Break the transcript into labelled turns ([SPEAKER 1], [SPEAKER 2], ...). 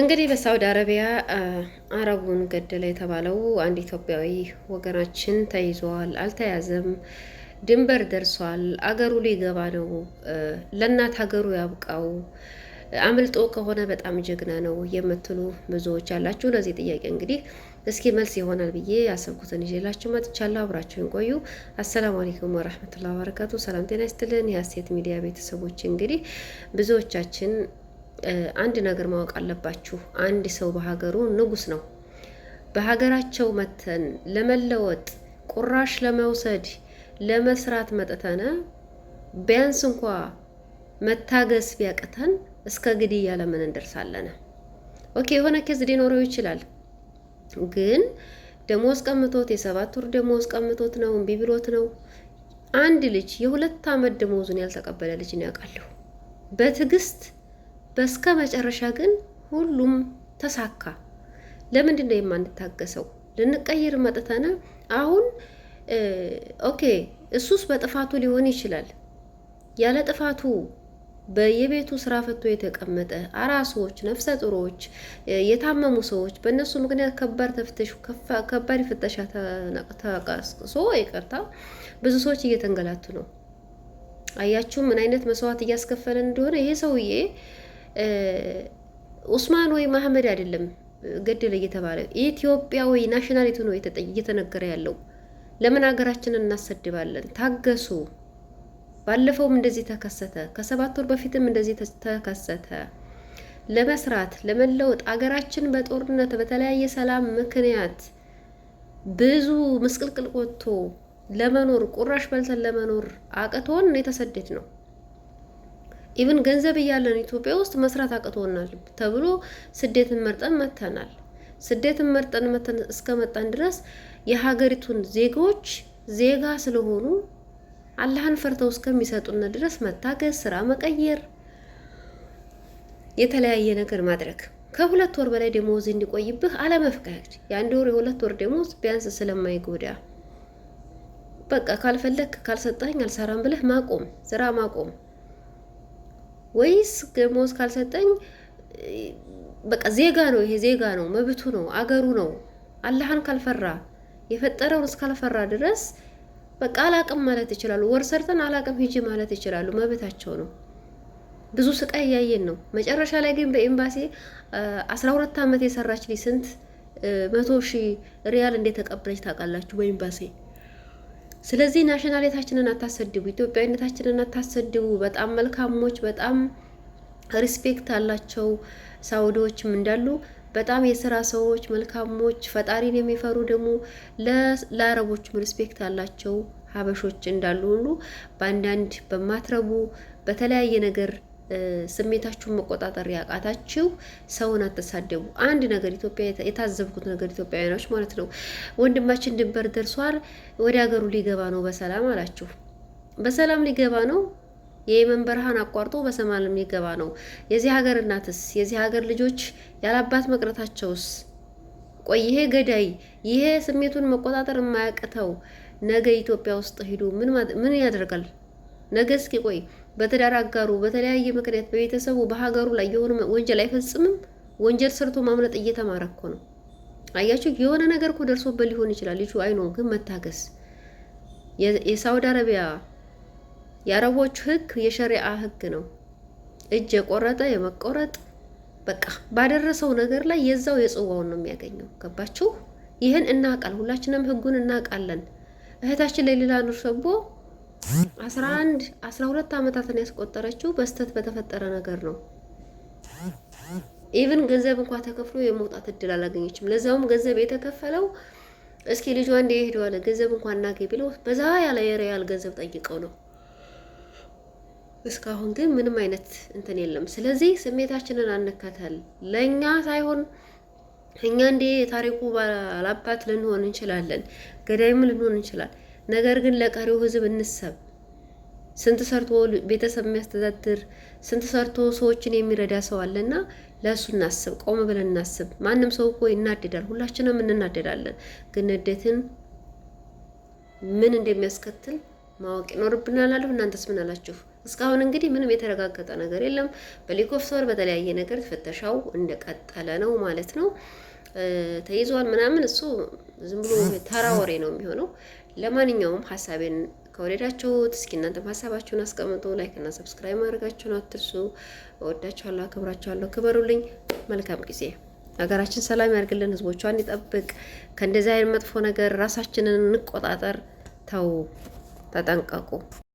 [SPEAKER 1] እንግዲህ በሳውዲ አረቢያ አረቡን ገደለ የተባለው አንድ ኢትዮጵያዊ ወገናችን ተይዘዋል። አልተያዘም፣ ድንበር ደርሷል፣ አገሩ ሊገባ ነው፣ ለእናት ሀገሩ ያብቃው አምልጦ ከሆነ በጣም ጀግና ነው የምትሉ ብዙዎች አላችሁ። ለዚህ ጥያቄ እንግዲህ እስኪ መልስ ይሆናል ብዬ ያሰብኩትን ይዤላችሁ መጥቻለሁ። አብራችሁን ቆዩ። አሰላሙ አለይኩም ወረህመቱላሂ ወበረካቱ። ሰላም ጤና ይስጥልን የሀሴት ሚዲያ ቤተሰቦች እንግዲህ ብዙዎቻችን አንድ ነገር ማወቅ አለባችሁ። አንድ ሰው በሀገሩ ንጉስ ነው። በሀገራቸው መተን ለመለወጥ ቁራሽ ለመውሰድ ለመስራት መጥተነ ቢያንስ እንኳ መታገስ ቢያቅተን እስከ ግድያ ለምን እንደርሳለን? ኦኬ የሆነ ኬዝ ሊኖረው ይችላል። ግን ደሞዝ ቀምቶት የሰባት ወር ደሞዝ ቀምቶት ነው እምቢ ብሎት ነው። አንድ ልጅ የሁለት አመት ደሞዙን ያልተቀበለ ልጅ ነው ያውቃለሁ በትዕግስት በስከ መጨረሻ ግን ሁሉም ተሳካ። ለምንድን ነው የማንታገሰው? ልንቀይር መጥተን አሁን ኦኬ፣ እሱስ በጥፋቱ ሊሆን ይችላል። ያለ ጥፋቱ በየቤቱ ስራ ፈቶ የተቀመጠ አራሶች፣ ነፍሰ ጡሮች፣ የታመሙ ሰዎች በእነሱ ምክንያት ከባድ ተፍተሽ ከባድ ፍተሻ ተቀስቅሶ ይቅርታ ብዙ ሰዎች እየተንገላቱ ነው። አያችሁ ምን አይነት መስዋዕት እያስከፈለን እንደሆነ ይሄ ሰውዬ ኡስማን ወይ ማህመድ አይደለም ገደለ እየተባለ ኢትዮጵያዊ ናሽናሊቱ ነው እየተነገረ ያለው። ለምን ሀገራችንን እናሰድባለን? ታገሱ። ባለፈውም እንደዚህ ተከሰተ። ከሰባት ወር በፊትም እንደዚህ ተከሰተ። ለመስራት ለመለወጥ አገራችን በጦርነት በተለያየ ሰላም ምክንያት ብዙ ምስቅልቅል ወጥቶ ለመኖር ቁራሽ በልተን ለመኖር አቅቶን የተሰደድ ነው። ኢቭን ገንዘብ እያለን ኢትዮጵያ ውስጥ መስራት አቅቶናል ተብሎ ስደትን መርጠን መተናል። ስደትን መርጠን መተን እስከመጣን ድረስ የሀገሪቱን ዜጎች ዜጋ ስለሆኑ አላህን ፈርተው እስከሚሰጡን ድረስ መታገስ፣ ስራ መቀየር፣ የተለያየ ነገር ማድረግ፣ ከሁለት ወር በላይ ደሞዝ እንዲቆይብህ አለመፍቀድ። የአንድ ወር የሁለት ወር ደሞዝ ቢያንስ ስለማይጎዳ በቃ ካልፈለክ ካልሰጠኝ አልሰራም ብለህ ማቆም፣ ስራ ማቆም ወይስ ደሞዝ ካልሰጠኝ በቃ ዜጋ ነው፣ ይሄ ዜጋ ነው፣ መብቱ ነው፣ አገሩ ነው። አላህን ካልፈራ የፈጠረውን እስካልፈራ ድረስ በቃ አላቅም ማለት ይችላሉ። ወር ሰርተን አላቅም ሂጂ ማለት ይችላሉ። መብታቸው ነው። ብዙ ስቃይ እያየን ነው። መጨረሻ ላይ ግን በኤምባሲ አስራ ሁለት ዓመት የሰራች ስንት መቶ ሺህ ሪያል እንደተቀበለች ታውቃላችሁ? በኤምባሲ ስለዚህ ናሽናሊታችንን አታሰድቡ፣ ኢትዮጵያዊነታችንን አታሰድቡ። በጣም መልካሞች፣ በጣም ሪስፔክት አላቸው ሳውዲዎችም እንዳሉ በጣም የስራ ሰዎች፣ መልካሞች፣ ፈጣሪን የሚፈሩ ደግሞ ለአረቦችም ሪስፔክት አላቸው ሀበሾች እንዳሉ ሁሉ በአንዳንድ በማትረቡ በተለያየ ነገር ስሜታችሁን መቆጣጠር ያቃታችሁ ሰውን አትሳደቡ። አንድ ነገር ኢትዮጵያ የታዘብኩት ነገር ኢትዮጵያውያኖች ማለት ነው፣ ወንድማችን ድንበር ደርሷል ወደ ሀገሩ ሊገባ ነው በሰላም አላችሁ። በሰላም ሊገባ ነው የየመን በረሃን አቋርጦ በሰላም ሊገባ ነው። የዚህ ሀገር እናትስ የዚህ ሀገር ልጆች ያላባት መቅረታቸውስ? ቆይ ይሄ ገዳይ ይሄ ስሜቱን መቆጣጠር የማያቅተው ነገ ኢትዮጵያ ውስጥ ሂዱ ምን ያደርጋል? ነገ እስኪ ቆይ በትዳር አጋሩ በተለያየ ምክንያት በቤተሰቡ በሀገሩ ላይ የሆነ ወንጀል አይፈጽምም። ወንጀል ሰርቶ ማምለጥ እየተማረ እኮ ነው። አያችሁ፣ የሆነ ነገር እኮ ደርሶበት ሊሆን ይችላል ልጁ። አይኖ ግን መታገስ። የሳውዲ አረቢያ የአረቦቹ ህግ የሸሪአ ህግ ነው። እጅ የቆረጠ የመቆረጥ በቃ ባደረሰው ነገር ላይ የዛው የጽዋውን ነው የሚያገኘው። ገባችሁ? ይህን እናውቃል፣ ሁላችንም ህጉን እናውቃለን። እህታችን ላይ ሌላ አስራ አንድ አስራ ሁለት ዓመታትን ያስቆጠረችው በስተት በተፈጠረ ነገር ነው። ኢቭን ገንዘብ እንኳ ተከፍሎ የመውጣት እድል አላገኘችም። ለዛውም ገንዘብ የተከፈለው እስኪ ልጇ እንደ ሄደዋለ ገንዘብ እንኳ እናገ ቢለው በዛ ያለ የሪያል ገንዘብ ጠይቀው ነው። እስካሁን ግን ምንም አይነት እንትን የለም። ስለዚህ ስሜታችንን አንከተል። ለእኛ ሳይሆን እኛ እንዴ ታሪኩ ባላባት ልንሆን እንችላለን፣ ገዳይም ልንሆን እንችላል ነገር ግን ለቀሪው ህዝብ እንሰብ። ስንት ሰርቶ ቤተሰብ የሚያስተዳድር ስንት ሰርቶ ሰዎችን የሚረዳ ሰው አለና ለእሱ እናስብ፣ ቆም ብለን እናስብ። ማንም ሰው እኮ ይናደዳል፣ ሁላችንም እንናደዳለን። ግን ንዴትን ምን እንደሚያስከትል ማወቅ ይኖርብናል። አለሁ እናንተስ ምን አላችሁ? እስካሁን እንግዲህ ምንም የተረጋገጠ ነገር የለም። በሊግ በተለያየ ነገር ፍተሻው እንደቀጠለ ነው ማለት ነው። ተይዟል ምናምን እሱ ዝም ብሎ ተራ ወሬ ነው የሚሆነው። ለማንኛውም ሀሳቤን ከወደዳችሁት እስኪ እናንተም ሀሳባችሁን አስቀምጡ። ላይክ እና ሰብስክራይብ ማድረጋችሁን አትርሱ። እወዳችኋለሁ፣ አክብራችኋለሁ። ክበሩልኝ። መልካም ጊዜ። ሀገራችን ሰላም ያርግልን ህዝቦቿን ይጠብቅ። ከእንደዚህ አይነት መጥፎ ነገር ራሳችንን እንቆጣጠር። ተው፣ ተጠንቀቁ።